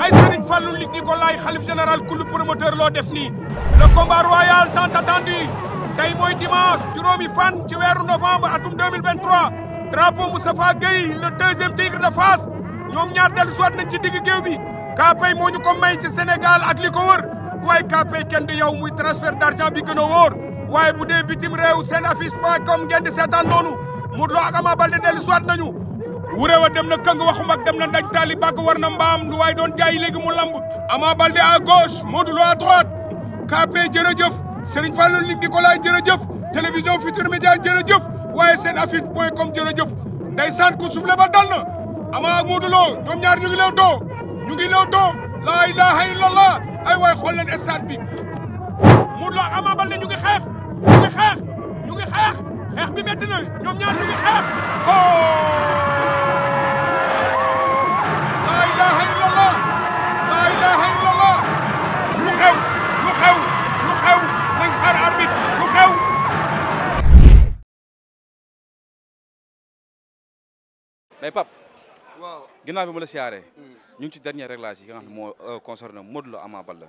ay Serigne Fallou Luc Nicolaï xalif général kulub promoteur loo def nii le combat royal tant attendu tey mooy dimanche juróomi fan ci weeru novembre atum 2023 drapeau Moustapha Gueye le deuxième tigre de Fass ñoom ñaar dellu soit nañ ci digg géew bi Kaapay moo ñu ko may ci Sénégal ak li ko wër waaye Kaapay kenn du yow muy transfert d'argent bi gën a wóor waaye bu dee bitim réew seen affiche point com ngeen di seetaan noonu Modou Lo ak Ama Baldé dellu soit nañu wurewa dem na kang waxu mag dem na ndañ taali bàgg war na mbaam lu waay doon jaay léegi mu lamb Ama Baldé à gauche Modou Lo à droite KP jërëjëf Serigne Fallou li Nicolas jërëjëf télévision Futurs Médias jërëjëf waaye seen affiche point com jërëjëf ndeysaan ku suufle ba dal na Ama ak ñoom ñaar ñu ngi leew too ñu ngi leew too laa ilaha illallah ay waay xool leen stade bi Modou Lo Ama Baldé ñu ngi xeex ñu ngi xeex xeex bi métti ñoom ñaar ñu ngi ar arbitre lu bi ma la siyaaree hmm. ñu ci dernier réglage yi nga moo euh, concerné Modou amaa Ama Baldé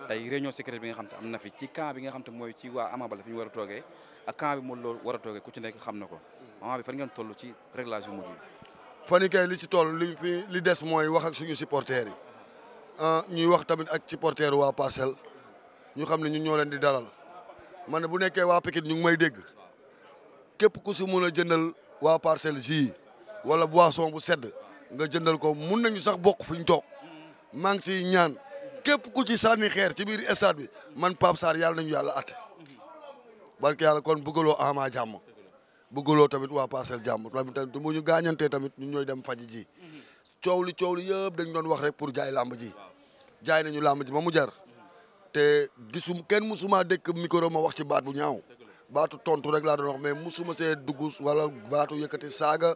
ah. tey réunion secrète bi nga xam te am na fi ci camp bi nga xam te mooy ci waa Ama Baldé fi ñu war a toogee ak camp bi Modou Lo war a toogee ku ci nekk xam na ko moment bi fan ngeen toll ci réglage yu mujj yi fan kay li ci toll li des mooy wax ak suñu supporters yi ah, ñuy wax tamit ak supporters waa Parcelles ñu xam ne ñun ñoo leen di dalal ma ne bu nekkee waa Pikine ñu ngi may dégg képp ku si mun a jëndal waa parcelle ji wala boisson bu sedd nga jëndal ko mun nañu sax bokk fu ñu toog maa ngi siy ñaan képp ku ci sànni xeer ci biir stade bi man Pape Sarr yàlla nañu yàlla atte barke yàlla kon bëggaloo Ama jàmm bëggaloo tamit waa parcelle jàmm tamit tamit bu ñu gaañantee tamit ñun ñooy dem faj ji coow li li yëpp dañ doon wax rek pour jaay làmb ji jaay nañu làmb ji ba mu jar te gisum kenn musuma dëkk micro ma wax ci baat bu ñaaw baatu tontu rek laa doon wax mais musuma see dugg wala baatu yëkkati saaga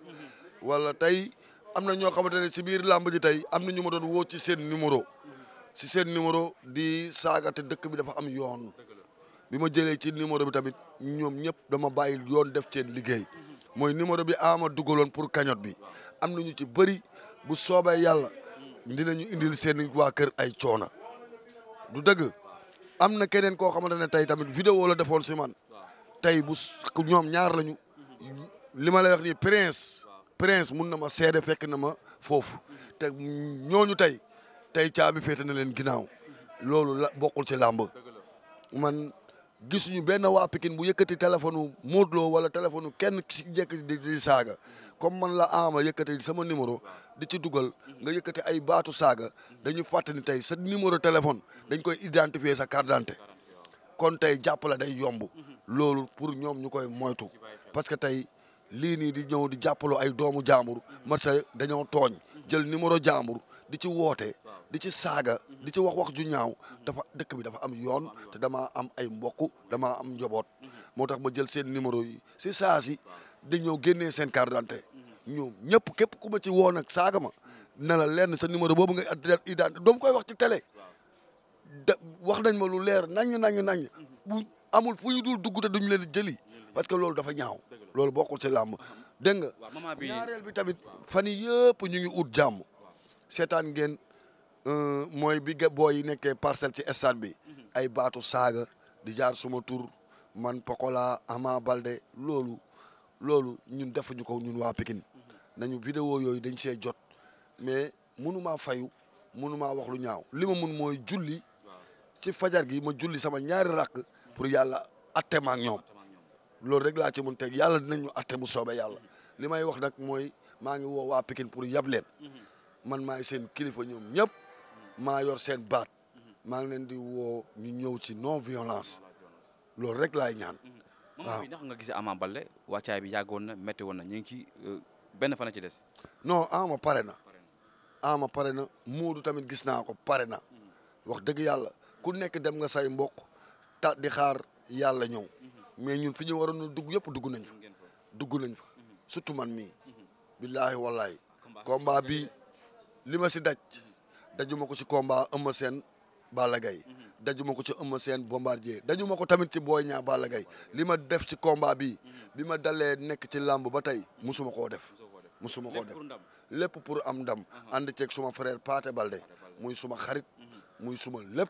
wala tey am na ñoo xamante ne si biir làmb ji tey am na ñu ma doon woo ci seen numéro si seen numéro di saaga te dëkk bi dafa am yoon bi ma jëlee ci numéro bi tamit ñoom ñëpp dama bàyyi yoon def ceen liggéey mooy numéro bi ama duggaloon pour kañot bi am na ñu ci bëri bu soobee yàlla dinañu indil seen waa kër ay coona du dëgg am na keneen koo xamante ne tey tamit vidéo la defoon seman man tey bu ñoom ñaar lañu li ma lay wax nii prince prince mun na ma seede fekk na ma foofu mm-hmm. te ñooñu tey tey caabi féete na leen ginnaaw loolu la bokkul ci làmb man gisuñu benn waa Pikine bu yëkkati téléphone u wala téléphone kenn si jekk di saaga comme man la ama yëkkati sama numéro di ci dugal nga yëkkati ay baatu saaga dañu fàttali tey sa numéro téléphone dañ koy identifier sa carte d'identité kon tey jàpp day yomb loolu pour ñoom ñu koy moytu parce que tey lii nii di ñëw di jàppaloo ay doomu jaambur marsa dañoo tooñ jël numéro jàmbur di ci woote di ci saaga di ci wax wax ju ñaaw dafa dëkk bi dafa am yoon te damaa am ay mbokk damaa am njoboot moo tax ma jël seen numéro yi si saa ñëw génnee seen carte d'identité ñoom ñëpp képp ku ma ci woo nag saaga ma na lenn sa numéro boobu nga identité doomu koy wax ci télé da wax nañ ma lu leer naññ naññ naññ bu amul fu ñu dul dugg te duñ leen di jëli parce que loolu dafa ñaaw loolu bokkul ci làmb dégg nga ñaareel bi tamit fan yii yëpp ñu ngi ut jàmm seetaan ngeen euh, mooy bi ga booy yi nekkee parcelle ci stade bi mhm. ay baatu saaga di jaar suma tur man Pokola Ama Balde loolu loolu ñun defuñu ko ñun waa Pikine nañu vidéo yooyu dañ see jot mais mënumaa fayu mënumaa wax lu ñaaw li ma mun mooy julli ci fajar gi ma julli sama ñaari rakk pour yàlla atte ma ak ñoom loolu rek laa ci mun teg yàlla dinañu atte mu soobee yàlla li may wax nag mooy maa ngi woo waa Pikine pour yab leen man maa seen kilifa ñoom ñëpp maa yor seen baat maa ngi leen di woo ñu ñëw ci non violence loolu rek laay ñaan waaw bi ndax nga gisee Ama Baldé wàccaay bi yàggoon na métti woon na ñu ngi ci euh, benn fan ci des. non Ama pare na. Ama pare na Moodu tamit gis naa ko pare na. Hmm. wax dëgg yàlla ku nekk dem nga say mbokk ta di xaar yàlla ñëw. Hmm. mais ñun fi ñu waroon dugg yëpp dugg nañ fa. dugg nañ fa hmm. surtout man mii. billaahi wallaahi. combat bi li ma si daj. dajuma ko si combat Eumeu Sène Balla Gaye dajuma ko ci Eumeu Sène Bombardier ma ko tamit ci booy ñaa Balla Gaye li ma def ci combat bi bi ma dalee nekk ci làmb ba tey musuma koo def musuma koo def lépp pour am dam ànd ceeg suma frère Paate Balde muy suma xarit muy suma lépp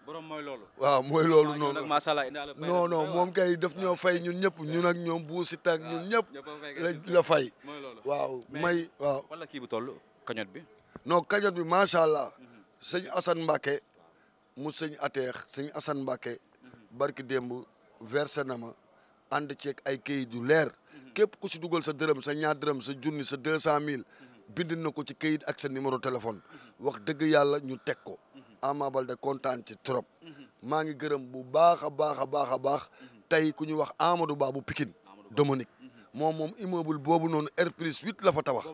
waaw mooy loolu ah, noonu non non moom kay def ñoo fay ñun ñëpp ñun ak ñoom bu si tag ñun ah, ñëpp la la fay waaw may waaw wala kii bu toll kañot bi non kañot bi macha allah sëñ Assane mbake mu sëñ ateex sëñ Assane Mbacke barki démb verse na ma ànd ceeg ay kayit yu leer képp ku si dugal sa dërëm sa ñaar dërëm sa junni sa deux cent mille bind na ko ci kayit ak sa numéro téléphone wax dëgg yàlla ñu teg ko Ama Baldé kontaan ci trop maa ngi gërëm bu baax a baax a baax a baax tey ku ñu wax Amadou Ba bu Pikine Dominique moom moom immeuble boobu noonu R plus huit la fa tabax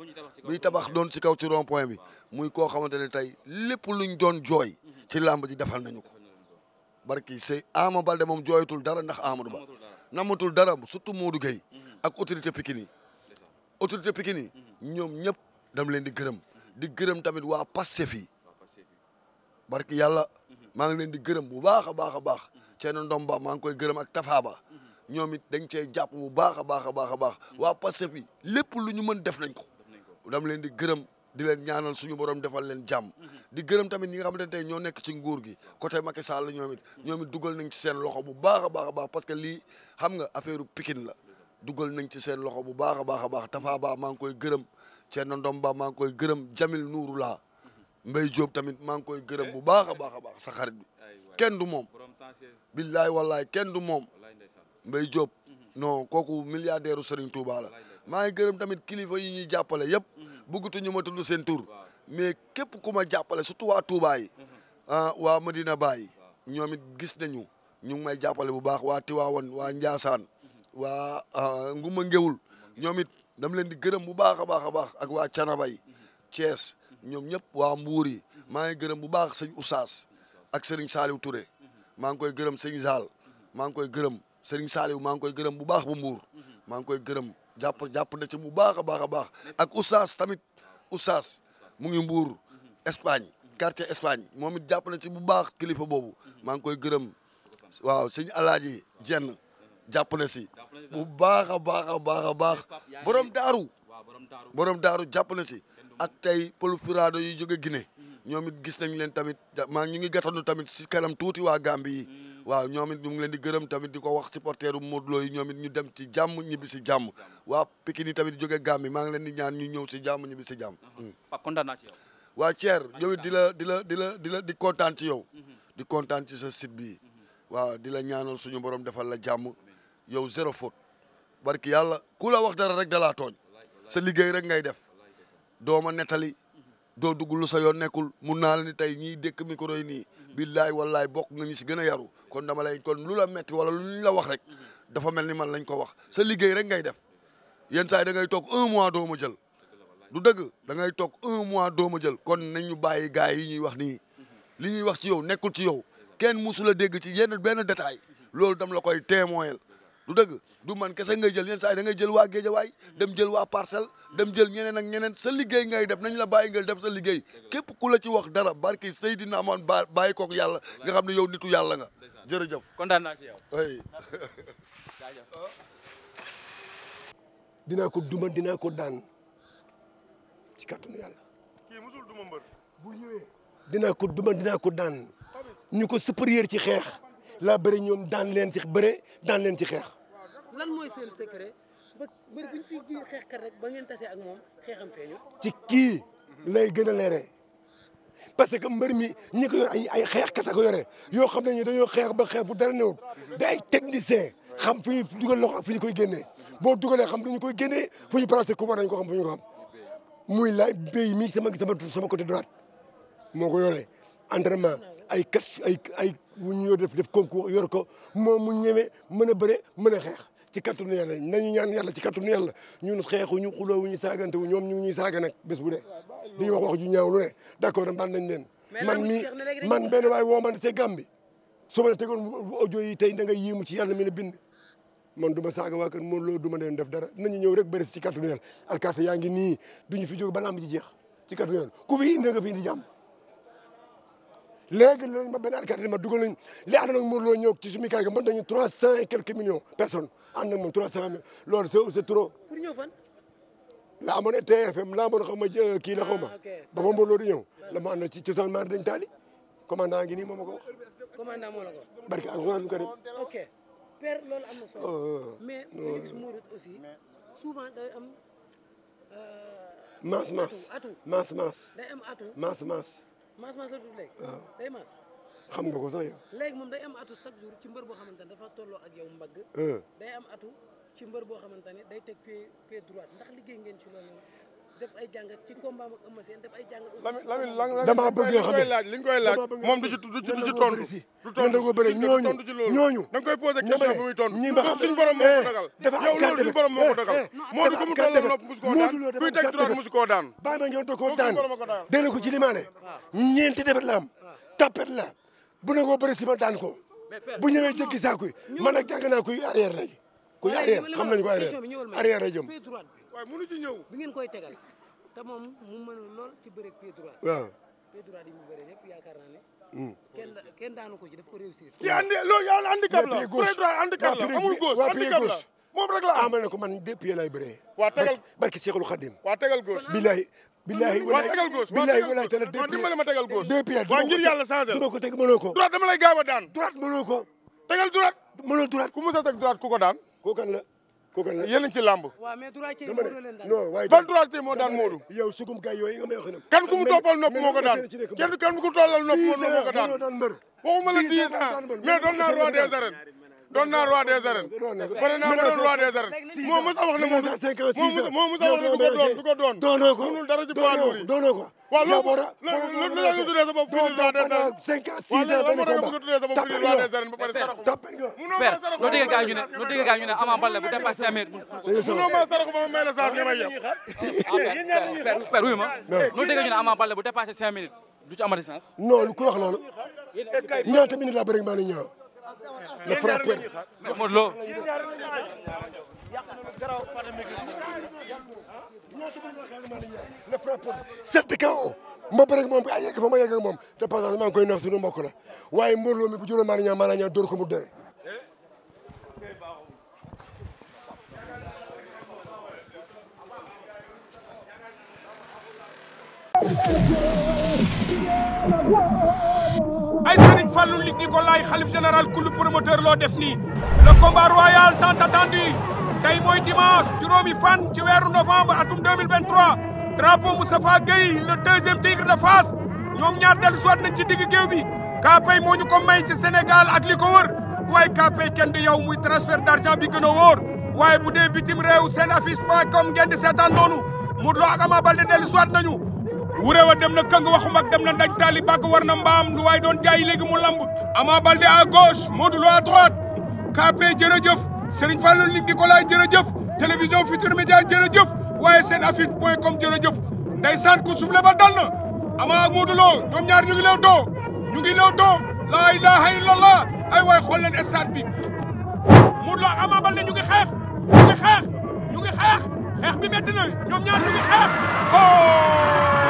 bi tabax doon si kaw ci rond point bi muy koo xamante ne tey lépp luñ doon jooy ci làmb ji defal nañu ko barki sëy Ama Balde moom jooyatul dara ndax Amadou Ba namatul dara surtout Modou Gueye ak autorité Pikine yi autorité Pikine yi ñoom ñëpp dam leen di gërëm di gërëm tamit waa Pastef yi barki yàlla maa ngi leen di gërëm bu baax a baax a baax Thierno Ndomba maa ngi koy gërëm ak Tafa Ba ñoom it dañ cee jàpp bu baax a baax a baax a baax hmm. waa Pastef yi lépp lu ñu mën def nañ ko dam leen di gërëm di leen ñaanal suñu boroom defal leen jàmm di gërëm tamit ni nga xamante ne tey ñoo nekk ci nguur gi côté Macky Sall ñoom it ñoom it dugal nañ ci seen loxo bu baax a baax a baax que lii xam nga affaire Pikine la dugal nañ ci seen loxo bu baax a baax a baax Tafa Ba maa ngi koy gërëm Thierno Ndom Ba maa ngi koy gërëm Jamil Nuuru la Mbaye Diop tamit maa ngi koy gërëm bu baax a baax a baax sa xarit bi kenn du moom billaay wallaay kenn du moom Mbaye Diop non kooku milliardaire u Serigne tuu la maa ngi gërëm tamit kilifa yi ñuy jàppale yëpp bëggatu ñu ma tudd seen tur mais képp ku ma jàppale surtout waa Touba yi ah waa Medina Baye ñoom it gis nañu ñu ngi may jàppale bu baax waa Tiwaawan waa Njaasaan waa ah, Nguma Ngewul ñoom it dama leen di gërëm bu baax a baax a baax ak waa Canaba yi Thiès ñoom ñëpp waa Mbuur yi maa ngi gërëm bu baax sëñ Oustaz ak sëriñ Saliou ture maa ngi koy gërëm sëñ Zal maa ngi koy gërëm sëriñ Saliou maa ngi koy gërëm bu baax bu Mbuur maa ngi koy gërëm jàpp jàpp na ci bu baax a baax a baax ak Oustaz tamit Oustaz mu ngi Mbuur Espagne quartier Espagne moom it jàpp na ci bu baax kilifa boobu maa ngi koy gërëm waaw sëñ Alaaji Jenn jàpp na si bu baax a baax a baax a baax borom daaru borom daaru jàpp si ak tey pël furaado yu jóge Guinée ñoom it gis nañ leen tamit maa ñu ngi gàttanu tamit si kanam tuuti waa Gambie yi waaw ñoom it ñu ngi leen di gërëm tamit di ko wax supporteru Modou Lo yi ñoom it ñu dem ci jàmm ñibbi si jàmm waa Pikine yi tamit jóge gàmm yi maa ngi leen di ñaan ñu ñëw si jàmm ñibbi si jàmm uh-huh. Pape kontaan ci waa Thier yow di la di la di la di la di kontaan ci yow uh-huh. di kontaan ci sa site uh-huh. waaw di la ñaanal suñu borom defal la jàmm yow zéro faute barki yàlla ku la wax dara rek da tooñ sa liggéey rek ngay def dooma nettali doo duggulu sa yoon nekkul mun naa la ni tey ñii dëkk micro yi nii billaay wallaay bokk nga ñu si gën a yaru kon dama lay kon lu la metti wala lu ñu la wax rek dafa mel ni man lañ ko wax sa liggéey rek ngay def yenn saa dangay toog un mois doo ma jël du dëgg da ngay toog mois doo ma jël kon nañ ñu bàyyi gars yi ñuy wax nii li ñuy wax ci yow nekkul ci yow kenn musu dégg ci yenn benn détail loolu dam la koy témoyel du dëgg du man kese ngay jël yenn saa yi da ngay jël waa Géejawaay dem jël waa Parcelles dem jël ñeneen ak ñeneen sa liggéey ngay def nañ la bàyyi nga def sa liggéey képp ku la ci wax dara barki Seydina Amane bàyyi kook yàlla nga xam ne yow nitu yàlla nga jërëjëf kontaan naa ko duma dinaa ko daan ci kàttanu yàlla. kii musul bu ñëwee dinaa ko duma dinaa ko daan ñu ko supérieur ci xeex laa bëri ñoom daan leen ci bëre daan leen ci xeex. lan mooy seen secret ba mbër bi ñu fi xeexkat rek ba tase ak moom xeexam feeñu. ci kii lay gën a leeree. parce que mbër mi ñi ko yor ay ay xeexkat a ko yore yoo xam ne dañoo xeex ba xeex bu dara newut da ay technicien xam fu ñu dugal loxo ak fu ñu koy génnee boo dugalee xam fu ñu koy génnee fu ñu placé ko dañ ko xam fu ñu ko xam muy laay béy mi sama sama sama côté droite moo ko yore entraînement ay kat ay ay wu ñu def def concours yor ko moo mu ñeme mën a bëre mën a xeex ci kattanu yàlla nañu ñaan yàlla ci kattanu yàlla ñun xeexuñu xulóowuñu saagantewuñu ñoom ñu ngi ñuy saaga nag bés bu ne di wax wax ju ñaaw lu ne d' accord ban nañ leen man mi man benn waay woo man te gàm bi su ma la tegoon audio yi tey da nga yéemu ci yàlla mi na bind man du ma saaga waa kër moom loolu du ma leen def dara na nañu ñëw rek beres si ci kattanu yàlla alkaati yaa ngi nii duñu fi jóg ba lamb ji jeex ci kattanu yàlla ku fi indi nga fi léegi loolu ma benn alkaati ma dugal nañ li ànd nag Modou Lo ñëw ci suñu kaay ga mën nañu trois cent et quelques millions personnes ànd nag moom trois cent mille loolu c'est trop. pour ñëw fan. la amoon TFM la amoon xaw ma euh, kii la xaw ma ah, ba fa Modou Lo di ñëw la ma ànd ci cosaan maar dañ taali commandant gi nii moom ma ko wax. commandant moo la ko wax. barke alxuraan karim. ok père loolu am na solo. Oh, oh, oh. mais Félix Mouroute aussi souvent day am. maas maas maas maas. day am atu maas maas. maas maas la tudd léegi. Ah. day maas. xam nga ko sax yow. léegi moom day am atu chaque jour ci mbër boo xamante ne dafa tolloo ak yow mbagg. Ah. day am atu ci mbër boo xamante ne day teg pied pied droit ndax liggéey ngeen ci loolu. def ay jàngat ci combat ak Eumeu Sène def ay jàngat. Lamine Lamine damaa bëgg yoo xam ne li ñu koy laaj moom du ci du ci du ci tontu. du tontu ci loolu ñooñu da nga koy posé question bu muy tontu. ñi ba xam suñu borom moo ko dagal. dafa am gàtt bi yow loolu suñu borom moo ko dagal. moo du ko mu tolloo nopp musu koo daan kuy teg droite musu koo daan. bàyyi ma ñëw da koo daan dégg ko ci li ma ne. ñeenti defet la am tapet la bu ne ko bëri si ma daan ko bu ñëwee jëkki saa kuy man nag jàng naa kuy arrière lañ kuy arrière xam nañ ko arrière arrière la jëm waaye mënu ci ñëw bi ngeen koy tegal te moom mu mën lool ci bëre pied droit. waaw pied droit yi mu bëre yëpp yaakaar naa ne. Hmm. kenn kenn daanu ko ci daf ko réussir. yi andi loolu yow handicap la pied droit handicap la amul gauche handicap la moom rek la amal na ko man deux pieds lay bëree. waa tegal barki waa tegal gauche billahi billahi walaay billahi walaay te la deux pieds dimbali ma tegal gauche deux pieds waaw ngir yàlla changé duma ko teg mënoo ko droite dama lay a daan droite mënoo ko ku mos a teg droite ku ko daan koo kan la ko kan la yéen moo daan non waaye ban droit nopp moo ko daan kenn kan ku mu nopp moo ko daan waxuma la dix ans mais naa roi des doon naa roi des arènes pare naa ma doon roi des arènes moom mës a wax ne moom moom mës a wax ne du ko doon du ko doon doonoo ko mënul dara ci poids lourd yi doonoo ko waaw loolu loolu la nga tuddee sa bopp fii roi des arènes cinq ans six ans benn combat tuddee sa bopp fii roi des arènes ba pare saraxu munoo ma saraxu noo déggee gaa ñu ne noo déggee gaa ñu ne Ama Baldé bu dépassé cinq minutes munoo ma saraxu ba ma may la saas nga may yeb père wuyu ma noo déggee ñu ne Ama Baldé bu dépassé cinq minutes du ci amati sens non ku wax loolu ñaata minutes la bëri maa ngi ñëw le frappeur Modou Lo le frappeur sept KO ma bëre moom ay yegg fa ma yegg ak moom te passage maa ngi koy neex suñu mbokk la waaye Modou Lo mi bu maa la ñaa maa la ñaa dóor ko mu ay Serigne Fallou Luc Nicolaï xalif général kullu promoteur loo def nii le combat royal tant attendu tey mooy dimanche juróomi fan ci weeru novembre atum 2023 drapeau Moustapha Gueye le deuxième tigre de Fass ñoom ñaar dellu suwaat nañ ci digg géew bi kaapay moo ñu ko may ci Sénégal ak li ko wër waaye kaapay kenn di yow muy transfert d'argent bi gën a wóor waaye bu dee bitim réew seen affiche point com ngeen di seetaan noonu Modou Lo ak Ama Baldé dellu suwaat wurewa dem na këng waxu dem na ndaj taali bàkk war na mbaam lu waay doon jaayi léegi mu lamb Ama Baldé à gauche Modou Lo à droite KP jërëjëf Serigne Fallou Luc Nicolaï jërëjëf télévision Futurs Médias jërëjëf waaye seen affiche point com jërëjëf ndeysaan ku soufflé ba dal na Ama ak Modou Lo ñoom ñaar ñu ngi leew too ñu ngi leew too laa ilaha illallah ay waay xool leen stade bi Modou Lo ak ñu ngi xeex ñu ngi xeex ñu ngi xeex xeex bi métti ñoom ñaar